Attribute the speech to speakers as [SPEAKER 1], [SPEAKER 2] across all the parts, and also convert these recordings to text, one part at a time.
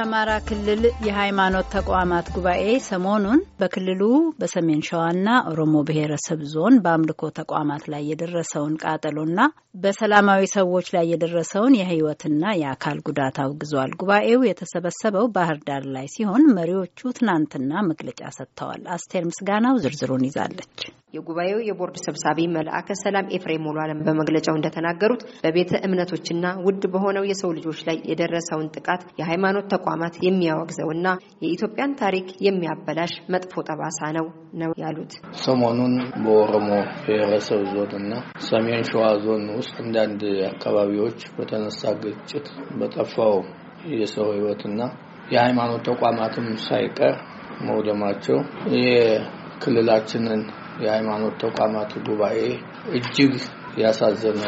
[SPEAKER 1] የአማራ ክልል የሃይማኖት ተቋማት ጉባኤ ሰሞኑን በክልሉ በሰሜን ሸዋና ኦሮሞ ብሔረሰብ ዞን በአምልኮ ተቋማት ላይ የደረሰውን ቃጠሎና በሰላማዊ ሰዎች ላይ የደረሰውን የሕይወትና የአካል ጉዳት አውግዟል። ጉባኤው የተሰበሰበው ባህር ዳር ላይ ሲሆን መሪዎቹ ትናንትና መግለጫ ሰጥተዋል። አስቴር ምስጋናው ዝርዝሩን ይዛለች። የጉባኤው የቦርድ ሰብሳቢ መልአከ ሰላም ኤፍሬም ሙሉ አለም በመግለጫው እንደተናገሩት በቤተ እምነቶችና ውድ በሆነው የሰው ልጆች ላይ የደረሰውን ጥቃት የሃይማኖት ተቋማት የሚያወግዘውና የኢትዮጵያን ታሪክ የሚያበላሽ መጥፎ ጠባሳ ነው ነው ያሉት።
[SPEAKER 2] ሰሞኑን በኦሮሞ ብሔረሰብ ዞን እና ሰሜን ሸዋ ዞን ውስጥ አንዳንድ አካባቢዎች በተነሳ ግጭት በጠፋው የሰው ህይወትና የሃይማኖት ተቋማትም ሳይቀር መውደማቸው የክልላችንን የሃይማኖት ተቋማቱ ጉባኤ እጅግ ያሳዘነ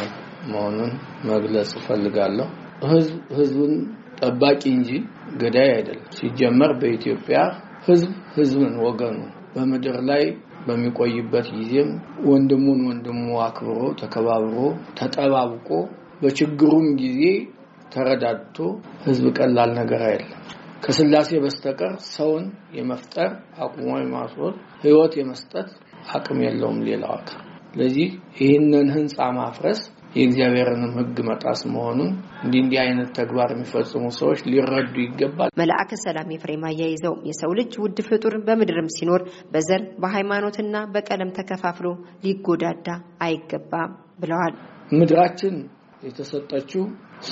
[SPEAKER 2] መሆኑን መግለጽ እፈልጋለሁ። ህዝብ ህዝቡን ጠባቂ እንጂ ገዳይ አይደለም። ሲጀመር በኢትዮጵያ ህዝብ ህዝብን ወገኑ በምድር ላይ በሚቆይበት ጊዜም ወንድሙን ወንድሙ አክብሮ ተከባብሮ ተጠባብቆ በችግሩም ጊዜ ተረዳድቶ ህዝብ ቀላል ነገር አይደለም። ከስላሴ በስተቀር ሰውን የመፍጠር አቁሞ የማስወል ህይወት የመስጠት አቅም የለውም ሌላው አካል። ስለዚህ ይህንን ህንፃ ማፍረስ
[SPEAKER 1] የእግዚአብሔርንም ህግ መጣስ መሆኑን እንዲህ እንዲህ አይነት ተግባር የሚፈጽሙ ሰዎች ሊረዱ ይገባል። መልአከ ሰላም የፍሬም አያይዘው የሰው ልጅ ውድ ፍጡር በምድርም ሲኖር በዘር በሃይማኖትና በቀለም ተከፋፍሎ ሊጎዳዳ አይገባም ብለዋል።
[SPEAKER 2] ምድራችን የተሰጠችው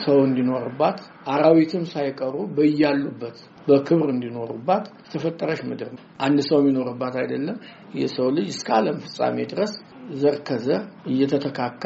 [SPEAKER 2] ሰው እንዲኖርባት አራዊትም ሳይቀሩ በያሉበት በክብር እንዲኖሩባት የተፈጠረች ምድር ነው። አንድ ሰው የሚኖርባት አይደለም። የሰው ልጅ እስከ ዓለም ፍጻሜ ድረስ ዘር ከዘር እየተተካካ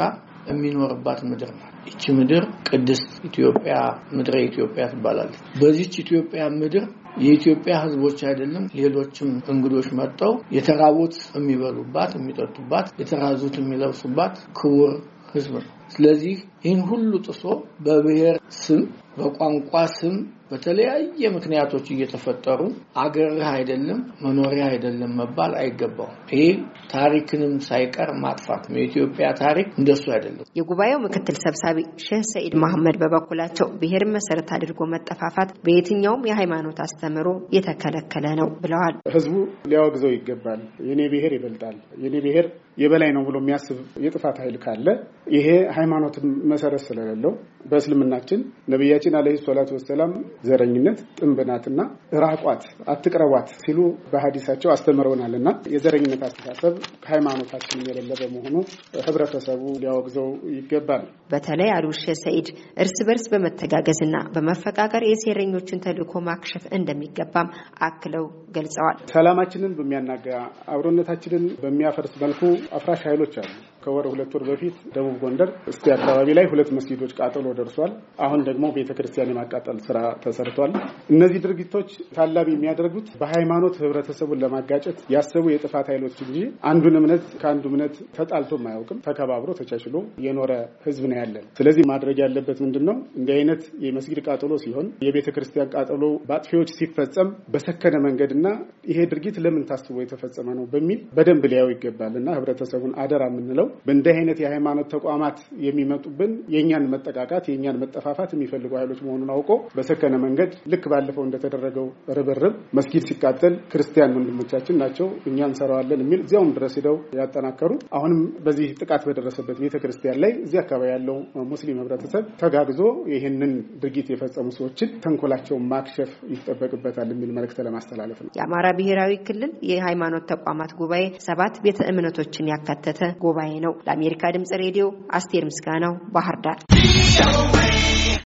[SPEAKER 2] የሚኖርባት ምድር ነው። ይቺ ምድር ቅድስት ኢትዮጵያ ምድረ ኢትዮጵያ ትባላለች። በዚች ኢትዮጵያ ምድር የኢትዮጵያ ሕዝቦች አይደለም ሌሎችም እንግዶች መጥተው የተራቡት የሚበሉባት፣ የሚጠጡባት፣ የተራዙት የሚለብሱባት ክቡር ሕዝብ ነው። ስለዚህ ይህን ሁሉ ጥሶ በብሔር ስም በቋንቋ ስም በተለያየ ምክንያቶች እየተፈጠሩ አገርህ አይደለም መኖሪያ አይደለም መባል አይገባውም። ይህ ታሪክንም ሳይቀር ማጥፋት ነው። የኢትዮጵያ ታሪክ እንደሱ አይደለም።
[SPEAKER 1] የጉባኤው ምክትል ሰብሳቢ ሼህ ሰኢድ መሐመድ በበኩላቸው ብሔርን መሰረት አድርጎ መጠፋፋት በየትኛውም የሃይማኖት አስተምህሮ የተከለከለ ነው ብለዋል።
[SPEAKER 3] ህዝቡ ሊያወግዘው ይገባል። የኔ ብሔር ይበልጣል፣ የኔ ብሔር የበላይ ነው ብሎ የሚያስብ የጥፋት ኃይል ካለ ይሄ ሃይማኖት መሰረት ስለሌለው በእስልምናችን ነቢያችን አለ ሰላቱ ወሰላም ዘረኝነት ናትና ራቋት፣ አትቅረቧት ሲሉ በሀዲሳቸው አስተምረውናል እና የዘረኝነት አስተሳሰብ ከሃይማኖታችን የሌለ በመሆኑ ህብረተሰቡ ሊያወግዘው ይገባል።
[SPEAKER 1] በተለይ አሉሸ ሰኢድ እርስ በርስ በመተጋገዝና በመፈቃቀር የሴረኞችን ተልእኮ ማክሸፍ እንደሚገባም አክለው ገልጸዋል።
[SPEAKER 3] ሰላማችንን በሚያናጋ አብሮነታችንን በሚያፈርስ መልኩ አፍራሽ ኃይሎች አሉ። ከወር ሁለት ወር በፊት ደቡብ ጎንደር እስቲ አካባቢ ላይ ሁለት መስጊዶች ቃጠሎ ደርሷል። አሁን ደግሞ ቤተክርስቲያን የማቃጠል ስራ ተሰርቷል። እነዚህ ድርጊቶች ታላቢ የሚያደርጉት በሃይማኖት ህብረተሰቡን ለማጋጨት ያሰቡ የጥፋት ኃይሎች እንጂ አንዱን እምነት ከአንዱ እምነት ተጣልቶ አያውቅም። ተከባብሮ ተቻችሎ የኖረ ህዝብ ነው ያለን። ስለዚህ ማድረግ ያለበት ምንድን ነው? እንዲህ አይነት የመስጊድ ቃጠሎ ሲሆን፣ የቤተክርስቲያን ቃጠሎ በአጥፊዎች ሲፈጸም በሰከነ መንገድና ይሄ ድርጊት ለምን ታስቦ የተፈጸመ ነው በሚል በደንብ ሊያው ይገባል እና ህብረተሰቡን አደራ የምንለው በእንዲህ አይነት የሃይማኖት ተቋማት የሚመጡብን የእኛን መጠቃቃት የእኛን መጠፋፋት የሚፈልጉ ኃይሎች መሆኑን አውቆ በሰከነ መንገድ ልክ ባለፈው እንደተደረገው ርብርብ መስጊድ ሲቃጠል ክርስቲያን ወንድሞቻችን ናቸው እኛ እንሰራዋለን የሚል እዚያውም ድረስ ሄደው ያጠናከሩ አሁንም በዚህ ጥቃት በደረሰበት ቤተክርስቲያን ላይ እዚህ አካባቢ ያለው ሙስሊም ህብረተሰብ ተጋግዞ ይህንን ድርጊት የፈጸሙ ሰዎችን ተንኮላቸውን ማክሸፍ ይጠበቅበታል የሚል መልእክት ለማስተላለፍ ነው። የአማራ ብሔራዊ ክልል
[SPEAKER 1] የሃይማኖት ተቋማት ጉባኤ ሰባት ቤተ እምነቶችን ያካተተ ጉባኤ ነው። ነው። ለአሜሪካ ድምጽ ሬዲዮ አስቴር ምስጋናው ባህር ዳር